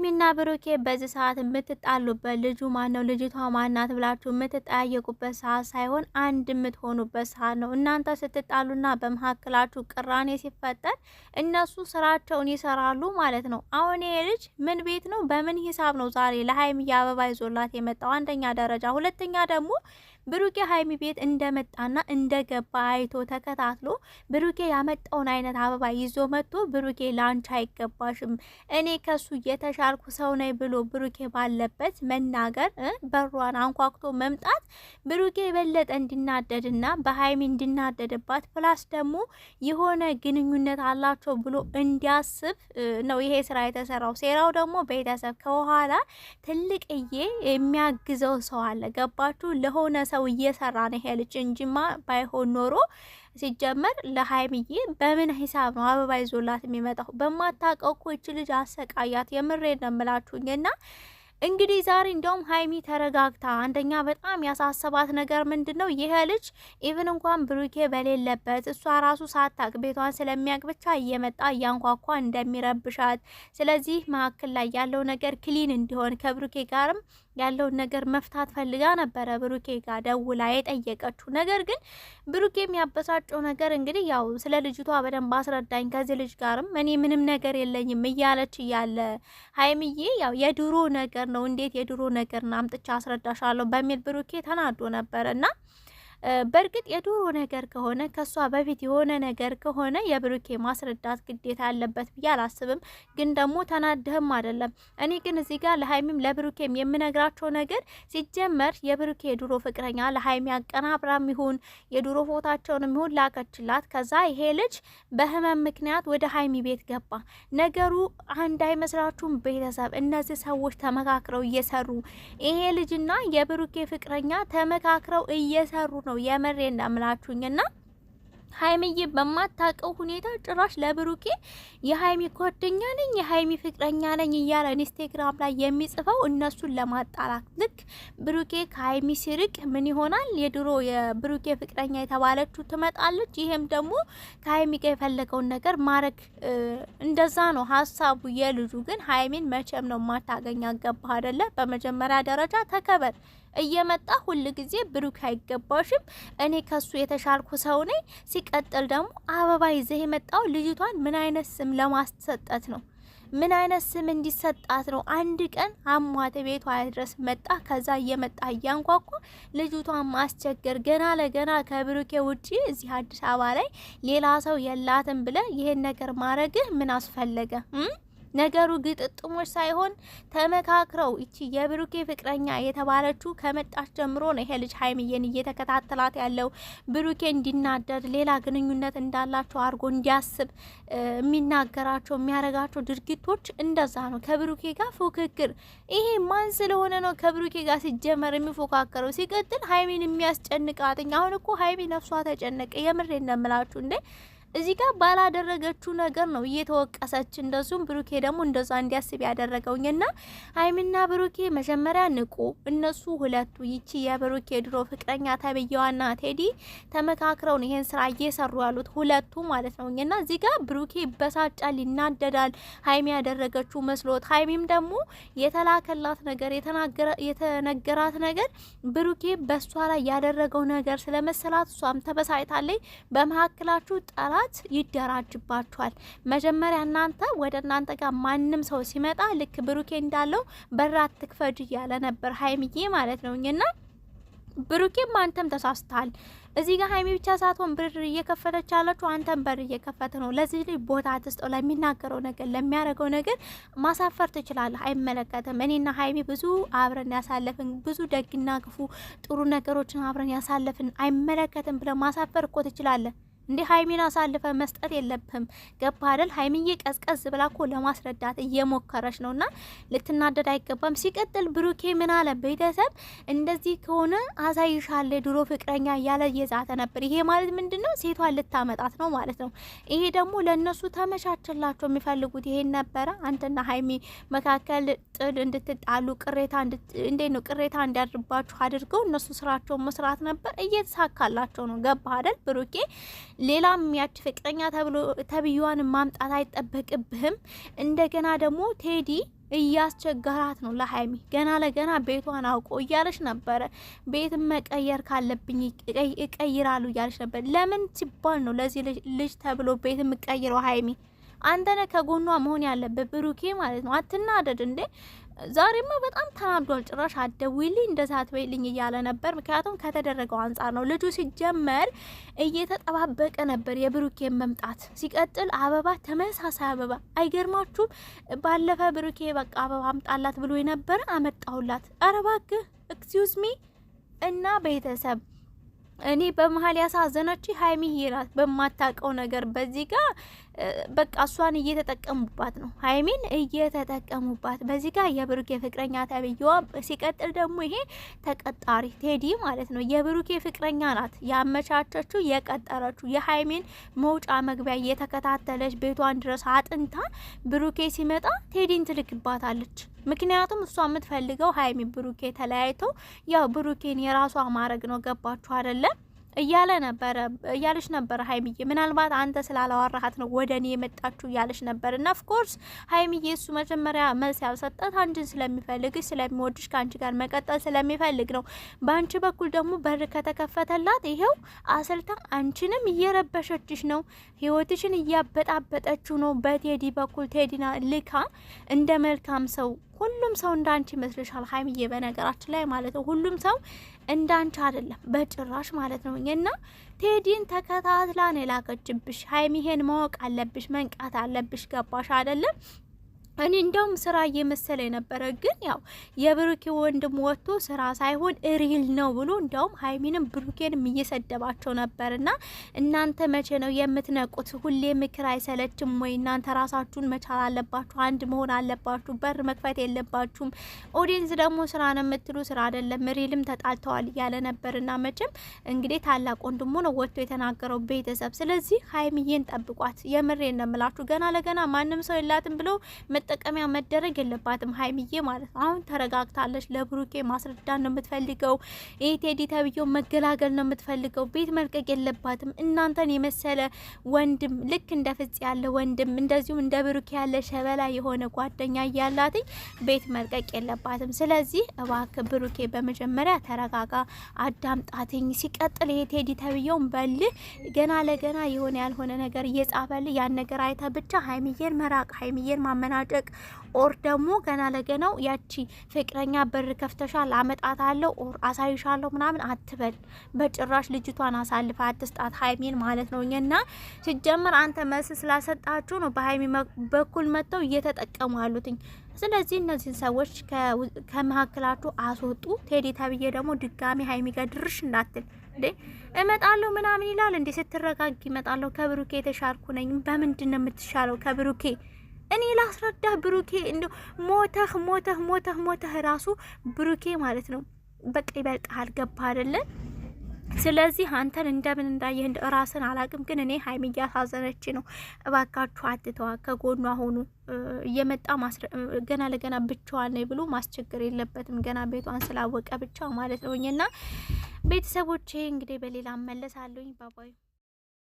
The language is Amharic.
ሀይሚና ብሩኬ በዚህ ሰዓት የምትጣሉበት ልጁ ማን ነው ልጅቷ ማናት ብላችሁ የምትጠያየቁበት ሰዓት ሳይሆን አንድ የምትሆኑበት ሰዓት ነው። እናንተ ስትጣሉና በመካከላችሁ ቅራኔ ሲፈጠር እነሱ ስራቸውን ይሰራሉ ማለት ነው። አሁን ይሄ ልጅ ምን ቤት ነው በምን ሂሳብ ነው ዛሬ ለሀይሚ የአበባ ይዞላት የመጣው? አንደኛ ደረጃ፣ ሁለተኛ ደግሞ ብሩኬ ሀይሚ ቤት እንደመጣና እንደገባ አይቶ ተከታትሎ ብሩኬ ያመጣውን አይነት አበባ ይዞ መጥቶ ብሩኬ ላንቺ አይገባሽም፣ እኔ ከሱ የተሻልኩ ሰው ነኝ ብሎ ብሩኬ ባለበት መናገር፣ በሯን አንኳኩቶ መምጣት ብሩኬ የበለጠ እንዲናደድና በሀይሚ እንዲናደድባት ፕላስ ደግሞ የሆነ ግንኙነት አላቸው ብሎ እንዲያስብ ነው ይሄ ስራ የተሰራው። ሴራው ደግሞ ቤተሰብ ከኋላ ትልቅዬ የሚያግዘው ሰው አለ። ገባችሁ ለሆነ ሰው ሰው እየሰራ ነው ይሄ ልጅ እንጂማ ባይሆን ኖሮ ሲጀመር ለሀይምዬ በምን ሂሳብ ነው አበባ ይዞላት የሚመጣው? በማታውቀው እኮ ይች ልጅ አሰቃያት። የምሬ ነው ና እንግዲህ ዛሬ እንደውም ሀይሚ ተረጋግታ፣ አንደኛ በጣም ያሳሰባት ነገር ምንድን ነው ይሄ ልጅ ኢቭን እንኳን ብሩኬ በሌለበት እሷ ራሱ ሳታቅ ቤቷን ስለሚያቅ ብቻ እየመጣ እያንኳኳ እንደሚረብሻት፣ ስለዚህ መካከል ላይ ያለው ነገር ክሊን እንዲሆን ከብሩኬ ጋርም ያለውን ነገር መፍታት ፈልጋ ነበረ ብሩኬ ጋር ደውላ የጠየቀችው። ነገር ግን ብሩኬ የሚያበሳጨው ነገር እንግዲህ ያው ስለ ልጅቷ በደንብ አስረዳኝ፣ ከዚህ ልጅ ጋርም እኔ ምንም ነገር የለኝም እያለች እያለ ሀይምዬ ያው የድሮ ነገር ነው እንዴት የድሮ ነገር ና አምጥቻ አስረዳሻለሁ በሚል ብሩኬ ተናዶ ነበረ እና በእርግጥ የዶሮ ነገር ከሆነ ከሷ በፊት የሆነ ነገር ከሆነ የብሩኬ ማስረዳት ግዴታ ያለበት ብዬ አላስብም። ግን ደግሞ ተናድህም አይደለም። እኔ ግን እዚህ ጋር ለሀይሚም ለብሩኬም የምነግራቸው ነገር ሲጀመር የብሩኬ የድሮ ፍቅረኛ ለሀይሚ አቀናብራም ይሁን የድሮ ፎታቸውንም ይሁን ላከችላት። ከዛ ይሄ ልጅ በህመም ምክንያት ወደ ሀይሚ ቤት ገባ። ነገሩ አንድ አይመስላችሁም? ቤተሰብ እነዚህ ሰዎች ተመካክረው እየሰሩ ይሄ ልጅና የብሩኬ ፍቅረኛ ተመካክረው እየሰሩ ነው የመሬን እንዳምላችሁኝና ሀይሚዬ በማታውቀው ሁኔታ ጭራሽ ለብሩኬ የሀይሚ ጓደኛ ነኝ የሀይሚ ፍቅረኛ ነኝ እያለ ኢንስቴግራም ላይ የሚጽፈው እነሱን ለማጣላት ልክ ብሩኬ ከሀይሚ ሲርቅ ምን ይሆናል? የድሮ የብሩኬ ፍቅረኛ የተባለችው ትመጣለች። ይሄም ደግሞ ከሀይሚ ጋር የፈለገውን ነገር ማድረግ እንደዛ ነው ሀሳቡ የልጁ። ግን ሀይሚን መቼም ነው ማታገኛ ገባ አይደለ? በመጀመሪያ ደረጃ ተከበር። እየመጣ ሁል ጊዜ ብሩክ አይገባሽም፣ እኔ ከሱ የተሻልኩ ሰው ነኝ። ሲቀጥል ደግሞ አበባ ይዘህ የመጣው ልጅቷን ምን አይነት ስም ለማሰጠት ነው? ምን አይነት ስም እንዲሰጣት ነው? አንድ ቀን አሟተ ቤቷ ድረስ መጣ። ከዛ እየመጣ እያንኳኳ ልጅቷን ማስቸገር ገና ለገና ከብሩኬ ውጪ እዚህ አዲስ አበባ ላይ ሌላ ሰው የላትም ብለ ይሄን ነገር ማድረግህ ምን አስፈለገ? ነገሩ ግጥጥሞች ሳይሆን ተመካክረው እቺ የብሩኬ ፍቅረኛ የተባለችው ከመጣች ጀምሮ ነው ይሄ ልጅ ሀይሚዬን እየተከታተላት ያለው። ብሩኬ እንዲናደድ ሌላ ግንኙነት እንዳላቸው አድርጎ እንዲያስብ የሚናገራቸው የሚያደርጋቸው ድርጊቶች እንደዛ ነው። ከብሩኬ ጋር ፉክክር፣ ይሄ ማን ስለሆነ ነው ከብሩኬ ጋር ሲጀመር የሚፎካከረው? ሲቀጥል ሀይሚን የሚያስጨንቃትኝ። አሁን እኮ ሀይሚ ነፍሷ ተጨነቀ። የምሬ እንደምላችሁ እንዴ እዚህ ጋር ባላደረገችው ነገር ነው እየተወቀሰች። እንደሱም ብሩኬ ደግሞ እንደዛ እንዲያስብ ያደረገውኝና ሀይሚና ብሩኬ መጀመሪያ ንቁ። እነሱ ሁለቱ ይቺ የብሩኬ ድሮ ፍቅረኛ ተብዬዋና ቴዲ ተመካክረው ነው ይሄን ስራ እየሰሩ ያሉት ሁለቱ ማለት ነው። እና እዚህ ጋር ብሩኬ ይበሳጫል፣ ይናደዳል። ሀይሚ ያደረገችው መስሎት፣ ሀይሚም ደግሞ የተላከላት ነገር የተነገራት ነገር ብሩኬ በእሷ ላይ ያደረገው ነገር ስለመሰላት እሷም ተበሳጭታለች። በመካከላችሁ ጠራ ማህበራት ይደራጅባችኋል። መጀመሪያ እናንተ ወደ እናንተ ጋር ማንም ሰው ሲመጣ ልክ ብሩኬ እንዳለው በራት ትክፈጅ እያለ ነበር ሀይምዬ ማለት ነው እና ብሩኬም አንተም ተሳስተሃል። እዚህ ጋር ሀይሚ ብቻ ሳትሆን ብር እየከፈተች ያለችው አንተም በር እየከፈተ ነው። ለዚህ ልጅ ቦታ ትስጠው። ለሚናገረው ነገር፣ ለሚያደርገው ነገር ማሳፈር ትችላለህ፣ አይመለከትም። እኔና ሀይሚ ብዙ አብረን ያሳለፍን ብዙ ደግና ክፉ ጥሩ ነገሮችን አብረን ያሳለፍን፣ አይመለከትም ብለ ማሳፈር እኮ ትችላለህ። እንዲ ሀይሚን አሳልፈ መስጠት የለብህም። ገባ አይደል? ሀይሚዬ ቀዝቀዝ ብላ ኮ ለማስረዳት እየሞከረች ነው፣ እና ልትናደድ አይገባም። ሲቀጥል ብሩኬ ምን አለ? ቤተሰብ እንደዚህ ከሆነ አሳይሻለ ድሮ ፍቅረኛ እያለ እየዛተ ነበር። ይሄ ማለት ምንድን ነው? ሴቷን ልታመጣት ነው ማለት ነው። ይሄ ደግሞ ለእነሱ ተመቻችላቸው። የሚፈልጉት ይሄን ነበረ። አንተና ሀይሚ መካከል ጥል እንድትጣሉ ቅሬታ እንዴት ነው ቅሬታ እንዲያድርባችሁ አድርገው እነሱ ስራቸውን መስራት ነበር። እየተሳካላቸው ነው። ገባ አይደል ብሩኬ ሌላም ያች ፍቅረኛ ተብሎ ተብዬዋን ማምጣት አይጠበቅብህም። እንደገና ደግሞ ቴዲ እያስቸገራት ነው ለሀይሚ ገና ለገና ቤቷን አውቆ እያለች ነበረ። ቤትን መቀየር ካለብኝ እቀይራሉ እያለች ነበር። ለምን ሲባል ነው ለዚህ ልጅ ተብሎ ቤት የምቀይረው? ሀይሚ አንተነ ከጎኗ መሆን ያለበት ብሩኬ ማለት ነው። አትናደድ እንዴ ዛሬማ በጣም ተናዷል። ጭራሽ አትደውይልኝ እንደዛ አትበይልኝ እያለ ነበር። ምክንያቱም ከተደረገው አንጻር ነው። ልጁ ሲጀመር እየተጠባበቀ ነበር የብሩኬን መምጣት። ሲቀጥል አበባ፣ ተመሳሳይ አበባ አይገርማችሁም? ባለፈ ብሩኬ በቃ አበባ አምጣላት ብሎ የነበረ አመጣሁላት። አረ እባክህ ሚ እና ቤተሰብ እኔ በመሀል ያሳዘነች ሀይሚዬ ናት። በማታውቀው ነገር በዚህ ጋር በቃ እሷን እየተጠቀሙባት ነው፣ ሀይሚን እየተጠቀሙባት በዚህ ጋር የብሩኬ ፍቅረኛ ተብዬዋ። ሲቀጥል ደግሞ ይሄ ተቀጣሪ ቴዲ ማለት ነው። የብሩኬ ፍቅረኛ ናት ያመቻቸችው፣ የቀጠረችው የሀይሚን መውጫ መግቢያ እየተከታተለች ቤቷን ድረስ አጥንታ ብሩኬ ሲመጣ ቴዲን ትልክባታለች። ምክንያቱም እሷ የምትፈልገው ሀይሚ ብሩኬ ተለያይቶ ያው ብሩኬን የራሷ ማድረግ ነው። ገባችሁ አይደለም? እያለ ነበረ እያለች ነበረ ሀይሚዬ። ምናልባት አንተ ስላላዋራሃት ነው ወደ እኔ የመጣችሁ እያለች ነበር። እና ኦፍኮርስ ሀይሚዬ እሱ መጀመሪያ መልስ ያልሰጣት አንቺን ስለሚፈልግሽ ስለሚወድሽ ከአንቺ ጋር መቀጠል ስለሚፈልግ ነው። በአንቺ በኩል ደግሞ በር ከተከፈተላት ይሄው አስልታ አንቺንም እየረበሸችሽ ነው፣ ህይወትሽን እያበጣበጠችው ነው። በቴዲ በኩል ቴዲና ልካ እንደ መልካም ሰው ሁሉም ሰው እንዳንቺ ይመስልሻል ሀይሚዬ? በነገራችን ላይ ማለት ነው ሁሉም ሰው እንዳንቺ አይደለም በጭራሽ ማለት ነው። እና ቴዲን ተከታትላን የላከችብሽ ሀይሚ፣ ይሄን ማወቅ አለብሽ፣ መንቃት አለብሽ። ገባሽ አይደለም? እኔ እንደውም ስራ እየመሰለ የነበረ ግን ያው የብሩኬ ወንድም ወጥቶ ስራ ሳይሆን ሪል ነው ብሎ እንደውም ሀይሚንም ብሩኬንም እየሰደባቸው ነበርና እናንተ መቼ ነው የምትነቁት? ሁሌ ምክር አይሰለችም ወይ? እናንተ ራሳችሁን መቻል አለባችሁ፣ አንድ መሆን አለባችሁ፣ በር መክፈት የለባችሁም። ኦዲንስ ደግሞ ስራ ነው የምትሉ ስራ አይደለም፣ ሪልም ተጣልተዋል እያለ ነበርና መቼም እንግዲህ ታላቅ ወንድሙ ነው ወጥቶ የተናገረው ቤተሰብ። ስለዚህ ሀይሚዬን ጠብቋት። የምሬን ነው የምላችሁ። ገና ለገና ማንም ሰው የላትም ብሎ መጠቀሚያ መደረግ የለባትም ሀይሚዬ ማለት ነው። አሁን ተረጋግታለች። ለብሩኬ ማስረዳ ነው የምትፈልገው። ይህ ቴዲ መገላገል ነው የምትፈልገው። ቤት መልቀቅ የለባትም። እናንተን የመሰለ ወንድም ልክ እንደ ፍጽ ያለ ወንድም እንደዚሁም እንደ ብሩኬ ያለ ሸበላ የሆነ ጓደኛ እያላትኝ ቤት መልቀቅ የለባትም። ስለዚህ እባክ ብሩኬ በመጀመሪያ ተረጋጋ፣ አዳምጣትኝ። ሲቀጥል ይሄ ቴዲ ተብዬውን በልህ ገና ለገና የሆነ ያልሆነ ነገር እየጻፈልህ ያን ነገር አይተ ብቻ ሀይሚዬን መራቅ ሀይሚዬን ማመናጨ ትልቅ ኦር ደግሞ ገና ለገናው ያቺ ፍቅረኛ በር ከፍተሻል አለው ኦር አሳይሻለሁ ምናምን አትበል። በጭራሽ ልጅቷን አሳልፈ አትስጣት ሀይሚን ማለት ነው። እና ሲጀምር አንተ መልስ ስላሰጣችሁ ነው በሀይሚ በኩል መጥተው እየተጠቀሙ አሉትኝ። ስለዚህ እነዚህን ሰዎች ከመካከላችሁ አስወጡ። ቴዲ ተብዬ ደግሞ ድጋሚ ሀይሚ ጋር ድርሽ እንዳትል እመጣለሁ ምናምን ይላል እንዴ። ስትረጋግ ይመጣለሁ ከብሩኬ የተሻልኩ ነኝ። በምንድን ነው የምትሻለው ከብሩኬ? እኔ ላስረዳህ ብሩኬ፣ እንደው ሞተህ ሞተህ ሞተህ ሞተህ ራሱ ብሩኬ ማለት ነው በቃ ይበቃሃል። ገባ አይደለን? ስለዚህ አንተን እንደምን እንዳየህ ራስን አላቅም፣ ግን እኔ ሀይሚ እያሳዘነች ነው። እባካችሁ አትተዋ፣ ከጎኗ ሆኑ። እየመጣ ገና ለገና ብቻዋን ነው ብሎ ማስቸገር የለበትም። ገና ቤቷን ስላወቀ ብቻ ማለት ነው። እኛና ቤተሰቦቼ እንግዲህ በሌላ መለሳለሁኝ። ባባይ